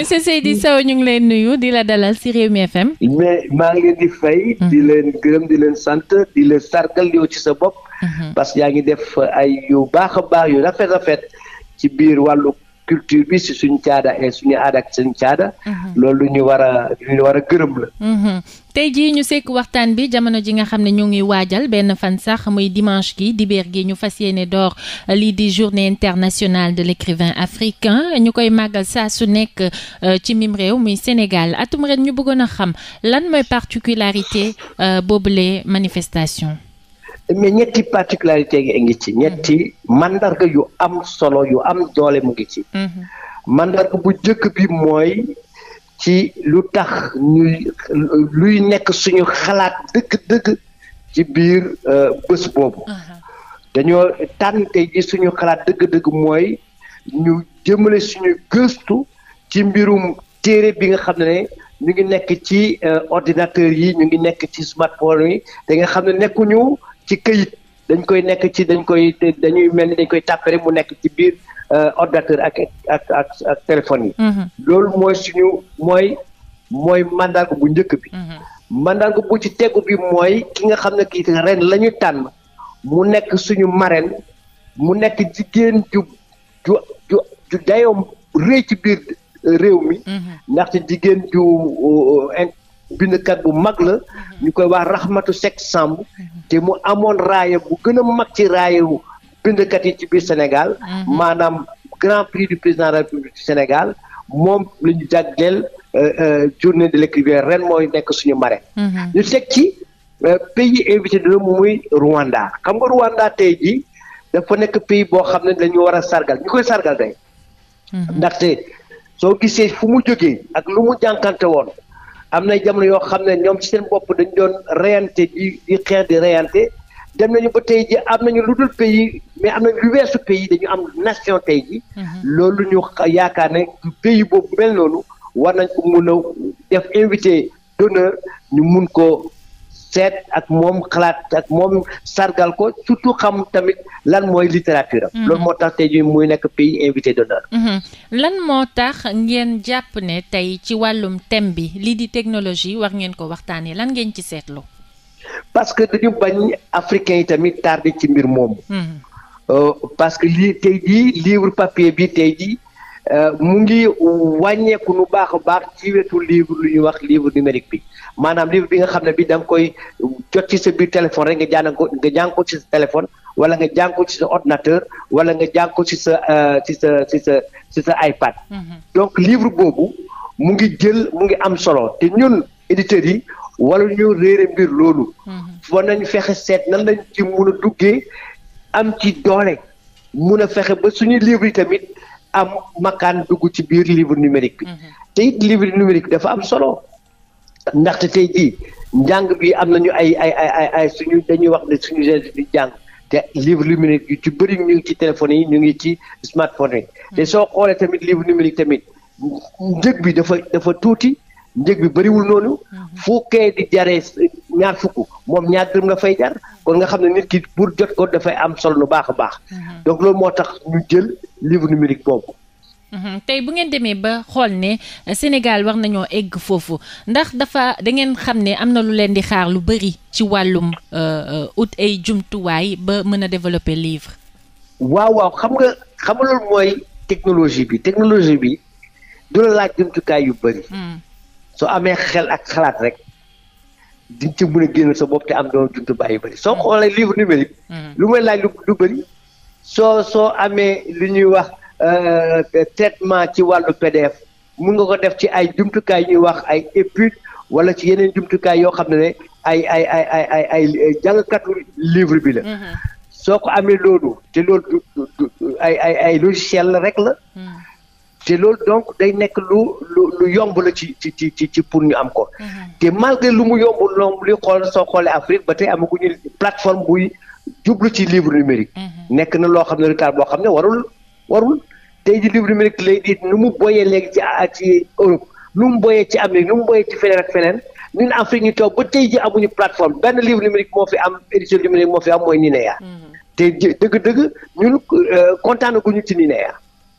monsieur Seydi Sow ñu ngi leen nuyu di la dalal ci Rewmi FM. mais maa ngi leen di fay. Mhm. di leen gërëm di leen sant di leen sargal yow ci sa bopp. Mhm. parce que yaa ngi def ay yu baax a baax yu rafet rafet ci biir wàllu. culture bi si suñu caada et eh, suñu aada ak suñu caada. loolu lu ñu war a war a gërëm la. Mhm. tey jii ñu sekk waxtaan bi jamono ji nga xam ne ñoo ngi waajal benn fan sax muy dimanche gi dibéer gi ñu fas ne door euh, lii di journée internationale de l'écrivain africain ñu koy màggal saa su nekk euh, ci mim réew muy Sénégal atum ren ñu bëggoon a xam lan mooy particularité euh, boobule manifestation. mais ñetti particularité yi ngi ci ñetti mhm. mandarga yu am solo yu am doole mu ngi ci mhm. mandarga bu jëkk bi mooy ci lu tax ñuy luy nekk suñu xalaat dëgg-dëgg ci biir euh, bés boobu dañoo tànn tey suñu xalaat dëgg-dëgg mooy ñu jëmale suñu gëstu ci mbirum téere bi nga xam ne ñu ngi nekk ci euh, ordinateur yi ñu ngi nekk ci smartphone yi da nga xam ne nekkuñu ci këyit dañ koy nekk ci dañ koy dañuy mel ni dañ koy tàppe mu nekk ci biir euh, ordinateur ak ak téléphone yi. Mm-hmm. loolu mooy suñu mooy mooy mandarga bu njëkk bi. Mm-hmm. mandarga bu ci tegu bi mooy ki nga xam ne kii ren la ñu tànn mu nekk suñu marraine mu nekk jigéen ju ju ju ju dayoom rëy ci biir euh, réew mi. Mm-hmm. ndaxte jigéen ju euh, bindkat bu mag la ñu koy wax Rahmatou Seck Samb te mu amoon raaya bu gën mag ci raayu bindkat yi ci biir Sénégal mhm. maanaam grand prix du président de la République du Sénégal moom la jagleel euh, euh, journée de l'écrivain ren mooy nekk suñu marraine mhm. ñu teg ci euh, pays invité de muy Rwanda xam nga Rwanda tey jii dafa nekk pays boo xam ne dañu war a sargal ñu koy sargal day mhm. ndaxte soo gisee fu mu jógee ak lu mu jànkante woon am na jamono yoo xam ne ñoom ci seen bopp dañu doon reyante di di xeex di reyante dem nañu ba tey ji am nañu lu dul pays mais am nañu lu weesu pays dañu am nation tey ji mhm. loolu ñu yaakaar ne pays boobu mel noonu war nañ ko mun a def invité d'honneur ñu mun ko seet ak moom xalaat ak moom sargal ko surtout xam tamit lan mooy littérature am. Mm-hmm. moo tax tey jii muy nekk pays invité d'honneur. Mm-hmm. lan moo tax ngeen jàpp ne tey ci wàllum thème bi lii di technologie wax ngeen ko waxtaanee lan ngeen ci seetlu. parce que dañu bañ africains yi tamit tardé ci mbir moomu. Mm-hmm. Euh, parce que tey jii livre papier bi tey jii. Euh, mu ngi wàññeeku lu baax a baax ci wetu livre lu ñuy wax livre numérique bi maanaam livre bi nga xam ne bi da koy jot ci sa biir téléphone rek nga jàng ko nga jàng ko ci sa wala nga jàng ci sa ordinateur wala nga jàng ko ci sa euh, ci sa ci sa ci sa iPad. Mm-hmm. donc livre boobu mu ngi jël mu ngi am solo te ñun éditeurs yi wala ñu réere mbir loolu. Mm-hmm. war nañu fexe seet nan lañ ci mun a duggee am ci doole mun a fexe ba suñu livre yi tamit. am makkaan dugg ci biir livre numérique bi. Mhm. te it livre numérique dafa am solo. ndaxte tey jii njàng bi am nañu ay ay ay ay suñu dañuy wax ne suñu jeunesse jàng te livre numérique yu ci bëri ñu ci téléphones yi ñu ngi ci smartphone yi. Mhm. te soo xoolee tamit livre numérique tamit njëg bi dafa dafa tuuti njëg bi bëriwul noonu. Mhm. fu kay di jaree ñaar fukk moom ñaar dërëm nga fay jar kon nga xam ne nit ki pour jot ko dafay am solo lu baax a baax. donc loolu moo tax ñu jël livre numérique boobu. Mhm. tey bu ngeen demee ba xool ne Sénégal war nañoo egg foofu ndax dafa da ngeen xam ne am na lu leen di xaar lu bëri ci wàllum euh, ut ay jumtuwaay ba mën a développer livre. waaw waaw xam nga xam nga mooy technologie bi technologie bi du la laaj jumtukaay yu bari hmm. soo amee xel ak xalaat rek di ci mën a génn sa bopp te am doon jumtukaay yu bëri soo xoolee livre numérique. Hmm. lu may laaj lu bëri soo soo amee lu ñuy wax euh, traitement ci wàllu PDF mun nga ko def ci ay jumtukaay ñuy wax ay étude wala ci yeneen jumtukaay yoo xam ne ay ay ay ay ay ay jàngkatu livre bi la. Mm-hmm. soo ko amee loolu te loolu ay ay ay logiciel la rek la. Mm-hmm. te loolu donc day nekk lu lu lu yomb la ci ci ci ci pour ñu am ko. Mm-hmm. te malgré lu mu yomb lomb li xool soo xoolee Afrique ba tey amaguñu plateforme buy. jublu ci livre numérique. Mm-hmm. nekk na loo xam ne retard boo xam ne warul warul tey ji livre numérique lay di nu mu boyee léegi ci ci Europe nu mu boyee ci Amérique nu mu boyee ci feneen ak feneen ñun Afrique ñu toog ba tey ji amuñu plateforme benn livre numérique moo fi am édition numérique moo fi am mooy Ninea. Mm-hmm. te dëgg-dëgg ñun euh, kontaan guñu ci Ninea.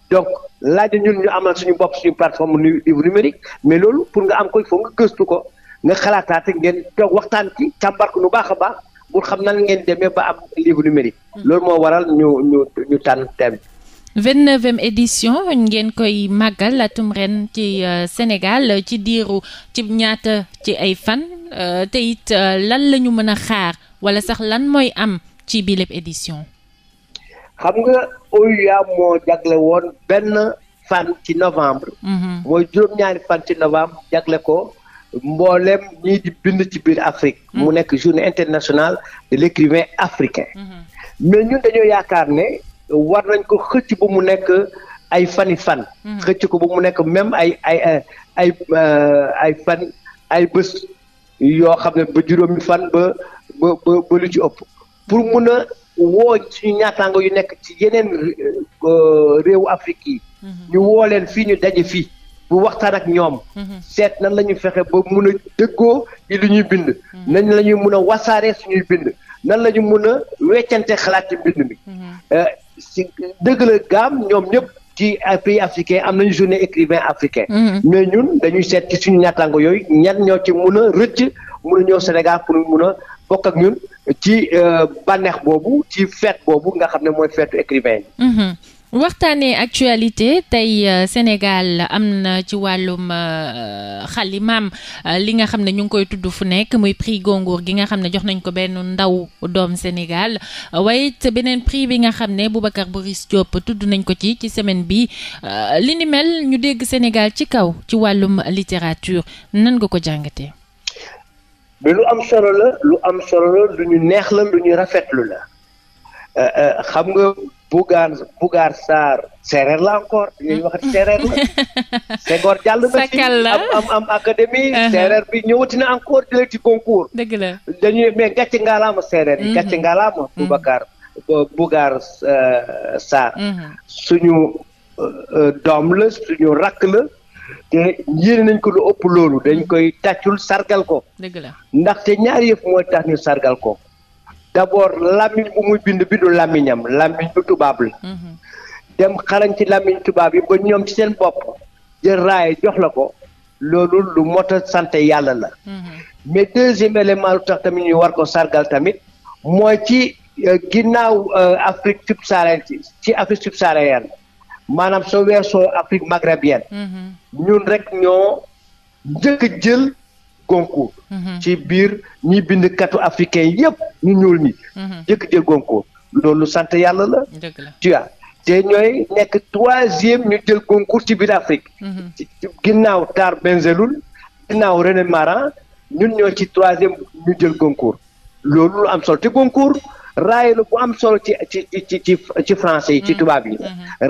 donc laaj ñun ñu amal suñu bopp suñu plateforme livre numérique mais loolu pour nga am ko il nga gëstu ko nga lu a pour xam nan ngeen demee ba am livre numérique. Hmm. loolu moo waral ñu ñu ñu tànn thème bi. vingt-neuvième édition ngeen koy màggal atum ren ci euh, Sénégal ci diiru ci ñaata ci ay fan euh, te euh, lan la ñu mën a xaar wala sax lan mooy am ci biir édition. xam nga OUA moo jagle woon benn fan ci novembre. Hmm. mooy juróom-ñaari fan ci novembre jagle ko. mboolem ñii di bind ci biir Afrique. mu hmm. nekk journée internationale de l'écrivain africain. Hmm. mais ñun dañoo yaakaar ne war nañ ko xëcc mu nekk ay fani fan. Hmm. xëcc ko ba mu nekk même ay ay ay euh, ay fan ay bés yoo xam ne ba juróomi fan ba ba ba lu ci ëpp pour mun a woo suñu ñaataango yu nekk ci yeneen euh, réew Afrique yi. ñu woo leen fii ñu daje fii. bu waxtaan ak ñoom. Mhm. seet nan la ñuy fexe ba mun a dëggoo ci li ñuy bind. Mhm. nañ la ñuy mun a wasaaree suñuy bind nan la ñu mun a weccante xalaat ci bind mi. Mhm. Euh, si dëgg la gaam ñoom ñëpp. ci pays africain am nañu journée écrivain africain mais ñun dañuy seet ci suñu ñaataango yooyu ñan ñoo ci mun a rëcc mun a ñëw Sénégal pour mun a bokk ak ñun ci euh, bànneex boobu ci fête boobu nga xam ne mooy feetu écrivain waxtaanee actualité tey euh, Sénégal am na ci wàllum euh, xalimaam euh, li nga xam ne ñu ngi koy tudd fu nekk muy prix gongoor gi nga xam ne jox nañ ko benn ndaw doom Sénégal waaye it beneen prix bi nga xam ne bu Boris Diop tudd nañ ko ci ci semaine bi li ni mel ñu dégg Sénégal ci kaw ci wàllum littérature nan nga ko jàngatee. mais lu am solo lu am solo lu ñu neex la lu ñu rafetlu la xam nga. Bougane Bougane Sarr séeréer la encore dañuy wax séeréer la Senghor jàll na ci am am am académie uh-huh. séeréer bi ñëwati na encore jëlee ci concours dëgg la dañuy mais gàcce ngaalaama séeréer yi mm-hmm. gàcce ngaalaama mm-hmm. euh, mm-hmm. suñu euh, doom la suñu rakk la te yéene nañ ko lu ëpp loolu dañ koy tàccul sargal ko dëgg ndaxte ñaar yëf mooy tax ñu sargal ko d' abord làmmiñ bu muy bind bindu làmmiñam làmmiñ bu tubaab la. Mhm. dem xarañ ci làmmiñ tubaab yi ba ñoom ci seen bopp jël raay jox la ko loolu lu mot a sant yàlla la. Mhm. mais deuxième élément lu tax tamit ñu war ko sargal tamit mooy ci euh, ginnaaw euh, Afrique subsaharienne ci Afrique subsaharienne maanaam soo weesoo Afrique maghrébienne mhm. ñun rek ñoo njëkk jël. Goncourt. Mhm. ci biir ñi bindkatu africain yëpp ñu ñuul ñi. jëkk mhm. jël Goncourt loolu sant yàlla la. tu as te ñooy nekk troisième ñu jël Goncourt ci biir Afrique. Mhm. ginnaaw Tar Bengelloune ginnaaw René Maran ñun ñoo ci troisième ñu jël Goncourt loolu am solo te Goncourt raay la bu am solo ci français yi ci tubaab yi.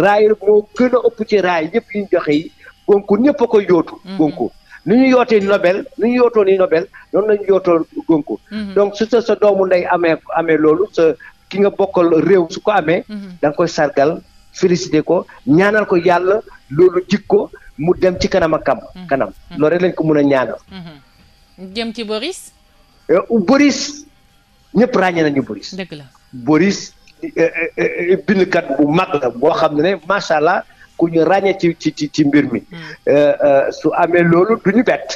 raay la moo gën a ëpp ci raay yëpp ñu joxe yi Goncourt ñëpp a koy yóotu Goncourt. nu ñu yootee Nobel nu ñu yootoo ni Nobel noonu ñu yootoo Goncourt mhm. donc su sa sa doomu ndey amee amee loolu sa ki nga bokkal réew su ko amee mhm. da nga koy sargal félicité ko ñaanal ko yàlla loolu jikko mu dem ci kanam ak kam mhm. kanam loolu rek lañ ko mën a ñaanal jëm ci Boris euh, Boris ñëpp ràññee nañu Boris dëgg la Boris euh, euh, bindkat bu mag la boo xam ne macha allah ku ñu ràññee ci ci ci mbir mi. Hmm. Euh, euh, su amee loolu du ñu bett.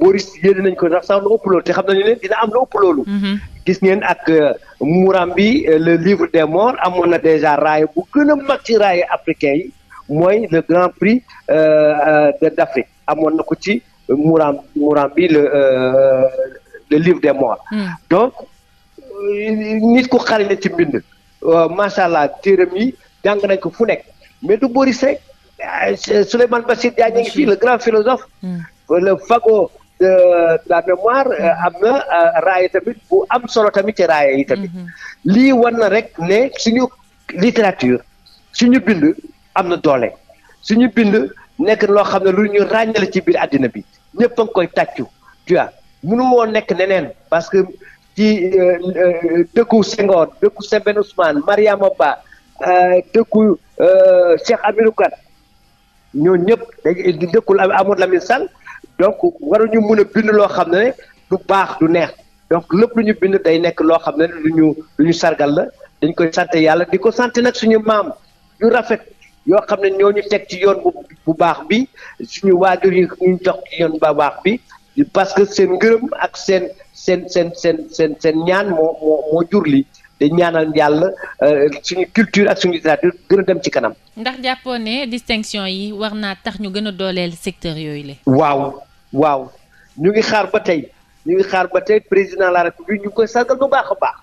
Boris yéene nañ ko sax sax lu ëpp loolu te xam nañu ne dina am lu ëpp loolu. Mm-hmm. gis ak euh, muuram bi le livre des morts amoon na déjà raay bu gën a mag ci raay africain yi mooy le grand prix de d' Afrique amoon na ko ci muuram muuram bi le le livre des morts. Hmm. donc nit ku xarañ ci mbind. macha allah yi jàng nañ ko fu nekk. mais du Boris rek euh, Souleymane Bassir Diagne ngi fii le grand philosophe hmm. le fagot de la mémoire euh, hmm. am na euh, raaya tamit bu am solo tamit ci raaya yi tamit hmm, lii war na rek ne suñu littérature suñu bind am na doole suñu bind nekk loo xam ne lu ñu ràññale ci biir àddina bi ñëpp ngi koy tàccu tu vois nekk neneen parce que ci dëkku Senghor dëkku Sembène Ousmane Mariama Ba Euh, dëkku euh, Cheikh Hamidou Kane ñoo ñëpp dañuy dëkkul Amadou Lamine sal donc waruñu mën a bind loo xam ne du baax du neex donc lépp lu ñu bind day nekk loo xam ne lu ñu ñu sargal la dañ koy sant yàlla di ko sant nag suñu maam yu rafet yoo xam ne ñoo ñu teg ci yoon bu baax bi suñu waajur yi ñu jox ci yoon bu baax bi parce que seen ngërëm ak seen seen seen seen seen seen ñaan moo moo moo jur li di ñaanal yàlla euh, suñu culture ak suñu littérature gën a dem ci kanam. ndax jàppoo ne distinction yi war naa tax ñu gën a dooleel secteur yooyu la. waaw waaw ñu ngi xaar ba tey ñu ngi xaar ba tey président la république ñu ngi koy sargal bu baax a baax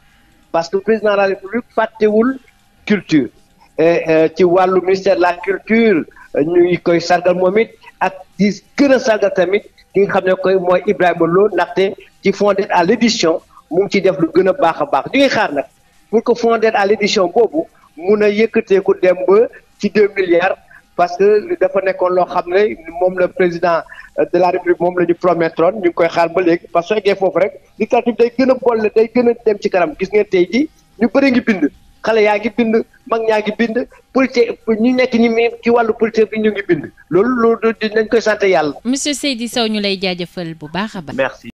parce que président de la république fàttewul culture. Euh, ci wàllu ministère la culture ñu ngi koy sargal moom it ak di gën a sargal tamit ki nga xam ne koy mooy Ibrahima Lo ndaxte ci fondé à l' édition mu ngi ciy def lu gën a baax a baax ñu ngi xaar nag. pour que fonds d'aide à l'édition boobu mun a yëkkateeku dem ba ci deux milliards parce que dafa nekkoon loo xam ne moom la président euh, de la république moom la ñu promettoon ñu ngi koy xaar ba léegi parce que eggee foofu rek dictature day gën a bolle day gën dem ci kanam gis ngeen tey ji ñu bëri ngi bind xale yaa ngi bind mag ñaa ngi bind politique ñu nekk ñi ci wàllu politique bi ñu ngi bind loolu loolu dañ koy sant yàlla. monsieur Seydi Sow ñu lay jaajëfal bu baax a baax.